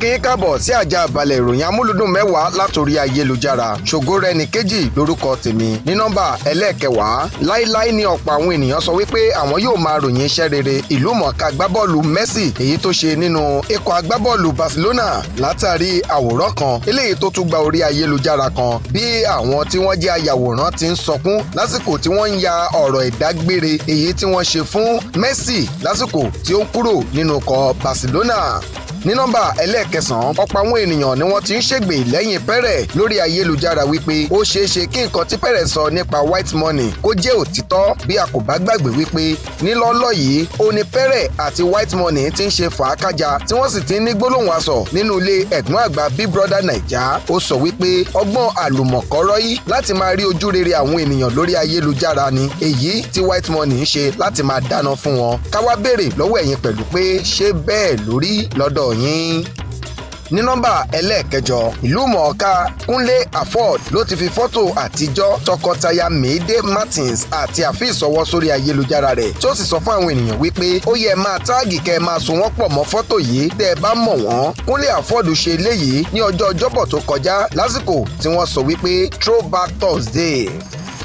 kí yín káàbọ̀ sí àjà àbálẹ̀ ìròyìn amúlùdùn mẹ́wàá látòrí ayélujára ṣògórẹ́ ní kejì lórúkọ tèmi ní nọ́mbà ẹlẹ́ẹ̀kẹwàá láíláí ni ọ̀pọ̀ àwọn ènìyàn sọ wípé àwọn yóò máa ròyìn iṣẹ́ rere ìlú mọ̀ọ́ká agbábọ́ọ̀lù Messi èyí tó ṣe nínú ikọ̀ agbábọ́ọ̀lù Barcelona látàrí àwòrán kan eléyìí tó tún gba orí ayélujára kan bí àwọn tí wọ́n jẹ́ ayàwòrán ti ń sọkún lásìkò tí wọ́n ń ya ọ̀rọ̀ ìdágbére èyí tí wọ́n ṣe fún Messi lásìkò tí ó ń kúrò nínú ikọ̀ Barcelona ní nọ́mbà ẹlẹ́ẹ̀kẹsàn-án ọ̀pọ̀ àwọn ènìyàn ni wọ́n ti ń ṣègbè lẹ́yìn pẹ́rẹ̀ lórí ayélujára wípé ó ṣeé ṣe kí nǹkan tí pẹ́rẹ̀ sọ nípa white money kó jẹ́ òtítọ́ bí a kò bá gbàgbé wípé nílọ́lọ́ yìí ó ní pẹ́rẹ̀ àti white money ti ń ṣe fàákájà tí wọ́n sì ti ń ní gbólóhùn asọ̀ nínú ilé ẹ̀gbọ́n àgbà big brother naija ó sọ wípé ọgbọ́n àlùmọ̀kọ́rọ́ yìí láti máa rí ojú rere àwọn ènìyàn lórí ayélujára ni èyí tí white money ń ṣe láti máa dáná fún wọn ká wá béèrè lọ́wọ́ ẹ̀yin pẹ̀lú pé ṣé bẹ́ẹ̀ lórí lọ́dọ̀ yín ní nọ́mbà ẹlẹ́ẹ̀kẹjọ ìlúmọ̀ọ́ká kúnlé afford ló ti fi fọ́tò àtijọ́ tọkọtaya mayday martins àti àfi ìsọwọ́ sórí ayélujára rẹ̀ tí ó sì sọ fún àwọn ènìyàn wípé ó yẹ máa táàgì kẹ́ máa so wọ́n pọ̀ mọ́ fọ́tò yìí tẹ́ ẹ bá mọ̀ wọ́n kúnlé afford ṣe eléyìí ní ọjọ́ ọjọ́bọ̀ tó kọjá lásìkò tí wọ́n sọ wípé throwback thursday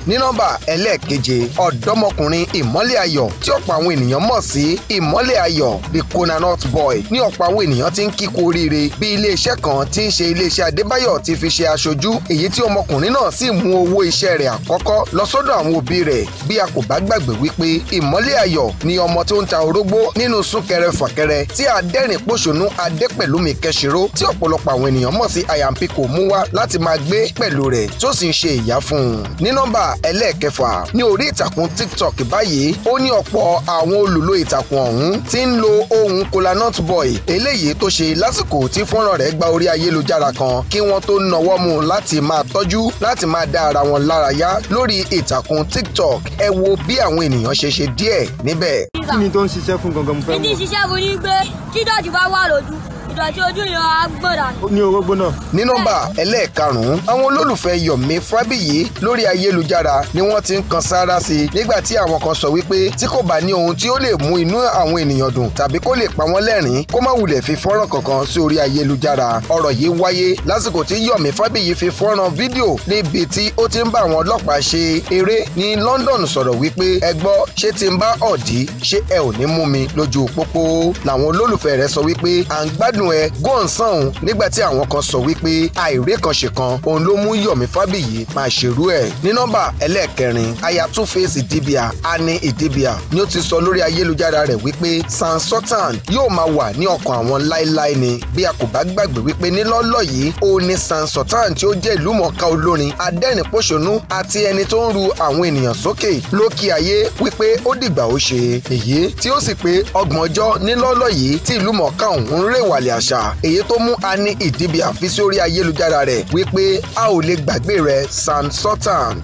ní nọ́mbà ẹlẹ́ẹ̀keje ọ̀dọ́mọkùnrin ìmọ́lẹ̀ ayọ̀ tí ọ̀pọ̀ àwọn ènìyàn mọ̀ sí ìmọ́lẹ̀ ayọ̀ the conanut boy ní ọ̀pọ̀ àwọn ènìyàn ti ń kíkú oríire bí iléeṣẹ́ kan ti ń ṣe iléeṣẹ́ adébáyọ̀ ti fi ṣe aṣojú èyí tí ọmọkùnrin náà sì mú owó iṣẹ́ rẹ̀ àkọ́kọ́ lọ sọ́dọ̀ àwọn òbí rẹ̀ bí a kò bá gbàgbé wípé ìmọ́lẹ̀ ayọ̀ ni ọmọ tó ń ta orógbó nínú súnkẹrẹ fàkẹrẹ tí adẹ́rìn pòṣónú adépẹ̀lúmi kẹsìró tí ọ̀pọ̀lọpọ̀ àwọn ènìyàn mọ̀ sí àyàmpikò mú wá láti máa gbé pẹ̀lú rẹ̀ tó sì ń ṣe ìyá fún un ní nọ́mbà ẹlẹ́ẹ̀kẹfà ní orí ìtàkùn tiktok báyìí ó ní ọ̀pọ̀ àwọn olùlò ìtàkùn ọ̀hún tí ń lo ohun kolanut boy eléyìí tó ṣe lásìkò tí fọ́nrán rẹ̀ gba orí ayélujára kan kí wọ́n tó nawọ́ mú láti máa tọ́jú láti máa dá ara wọn lárayá lórí ìtàkùn tiktok ẹ wo bí àwọn ènìyàn ṣe ṣe díẹ̀ níbẹ̀. kí ni tó ń ṣiṣẹ́ fún gangan mo fẹ́ mọ̀. ìdí ìṣiṣẹ́ wo ni gbé kí dọ̀jú bá wà lójú ìdọ̀tí ojú yẹn á gbọ̀dà. ní orógbó náà. ní nọ́mbà ẹlẹ́ẹ̀karùn-ún àwọn olólùfẹ́ Yomi Fabiyi lórí ayélujára ni wọ́n ti ń kan sáárá sí i nígbà tí àwọn kan sọ wípé tí kò bá ní ohun tí ó lè mú inú àwọn ènìyàn dùn tàbí kó lè pa wọ́n lẹ́rìn-ín kó má wulẹ̀ fi fọ́nrán kankan sí orí ayélujára ọ̀rọ̀ yìí wáyé lásìkò tí Yomi Fabiyi fi fọ́nrán fídíò níbi tí ó ti ń bá àwọn ọlọ́pàá ṣe eré ní London sọ̀rọ̀ wípé ẹ gbọ́ ṣé ti ń bá ọ̀dí ṣé ẹ ò ní mú mi lójú pópó làwọn nínú ẹ gone sọ̀hún nígbà tí àwọn kan sọ wípé àìrékànṣe kan òun ló mú Yọ̀mí Fábíyì máa ṣerú ẹ̀ ní nọ́mbà ẹlẹ́ẹ̀kẹrin aya two face Idibia Annie Idibia ni ó ti sọ lórí ayélujára rẹ̀ wípé Sam Sultan yóò máa wà ní ọkàn àwọn láéláé ni bí a kò bá gbàgbé wípé nílọ́lọ́ yìí ó ní Sam Sultan tí ó jẹ́ ìlúmọ̀ọ́ká olórin adẹ́rìn-pọ̀ṣọ́nú àti ẹni tó ń ru àwọn ènìyàn sókè lókè ayé wípé ó dìgbà ó ṣe èyí tí ó sì pé ọgbọ̀n ọjọ́ nílọ́lọ́ yìí tí ìlúmọ̀ọ́ká òun rèwàlẹ̀ àṣà èyí tó mú Annie Idibia fi sí orí ayélujára rẹ̀ wípé a ò lè gbàgbé rẹ̀ Sam Sultan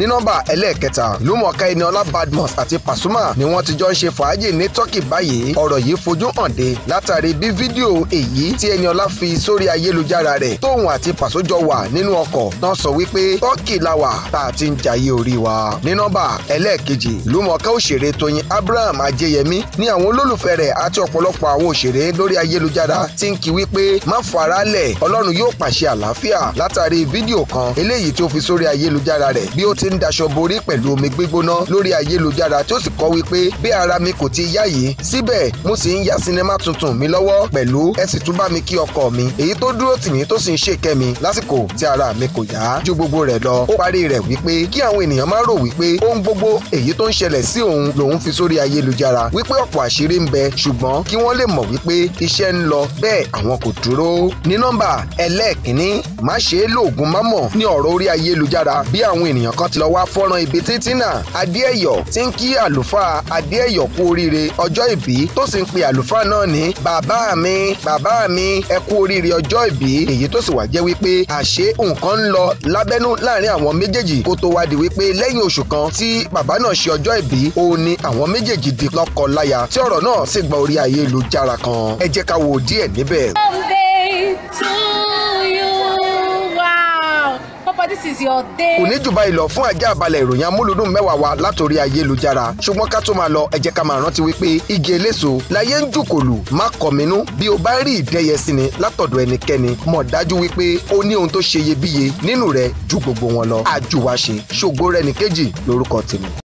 ní nọ́mbà ẹlẹ́ẹ̀kẹta lúmọ̀ọ́ká ẹni ọlá badmus àti pasuma ni wọ́n ti jọ ń ṣe fàájì ní turkey báyìí ọ̀rọ̀ yìí fojú hàn dé látàrí bí fídíò èyí tí ẹni ọlá fi sórí ayélujára rẹ̀ tóun àti pàṣójọ wà nínú ọkọ̀ náà sọ wípé turkey la wà tá a ti ń jayé orí wa ní nọ́mbà ẹlẹ́ẹ̀kejì lúmọ̀ọ́ká òṣèré tóyin abraham ajẹyẹmí ni àwọn olólùfẹ́ rẹ̀ àti ọ̀pọ̀lọpọ̀ àwọn òṣèré lórí ayélujára ti ń kí wípé má faralẹ̀ ọlọ́run yóò pàṣẹ àlàáfíà látàrí fídíò kan eléyìí tó fi sórí ayélujára rẹ̀ bí ó ti ń daṣọ borí pẹ̀lú omi gbígbóná lórí ayélujára tí ó sì kọ wípé bí ara mi kò ti yá yìí síbẹ̀ mo sì ń ya sinimá tuntun mi lọ́wọ́ pẹ̀lú ẹ sì tún bá mi kí ọkọ mi èyí tó dúró tì mí tó sì ń ṣèkẹ́ mi lásìkò tí ara mi kò yá ju gbogbo rẹ̀ lọ ó parí rẹ̀ wípé kí àwọn ènìyàn má rò wípé ohun gbogbo èyí tó ń ṣẹlẹ̀ sí òun lòun fi sórí ayélujára wípé ọ̀pọ̀ àṣírí ń bẹ ṣùgbọ́n kí wọ́n lè mọ̀ wípé iṣẹ́ ń lọ bẹ́ẹ̀ àwọn kò dúró ní nọ́mbà ẹlẹ́ẹ̀kínní lọ wá fọ́nrán ibi títí náà adéẹ̀yọ̀ ti ń kí àlùfáà adéẹ̀yọ̀ kú oríire ọjọ́ ìbí tó sì ń pe àlùfáà náà ní bàbá mi bàbá mi ẹ kú oríire ọjọ́ ìbí èyí tó sì wá jẹ́ wípé àṣé nǹkan ń lọ lábẹ́nú láàrin àwọn méjèèjì kó tó wá di wípé lẹ́yìn oṣù kan tí bàbá náà ṣe ọjọ́ ìbí òun ni àwọn méjèèjì di lọ́kọ-láya tí ọ̀rọ̀ náà sì gba orí ayélujára kan ẹ jẹ́ ká wo díẹ̀ níbẹ̀ this is your day. kò ní jù báyìí lọ fún ajá àbálẹ̀ ìròyìn amúlùdùn mẹ́wàá wa látòrí ayélujára ṣùgbọ́n ká tó máa lọ ẹ jẹ́ ká máa rántí wípé igi eléso láyé ń jùkòlù má kọ̀mínú bí o bá rí ìdẹ́yẹsí ni látọ̀dọ̀ ẹnikẹ́ni mọ̀ dájú wípé o ní ohun tó ṣeyebíye nínú rẹ̀ ju gbogbo wọn lọ àjùwàṣe ṣògo rẹ̀ nìkejì lórúkọ tèmi.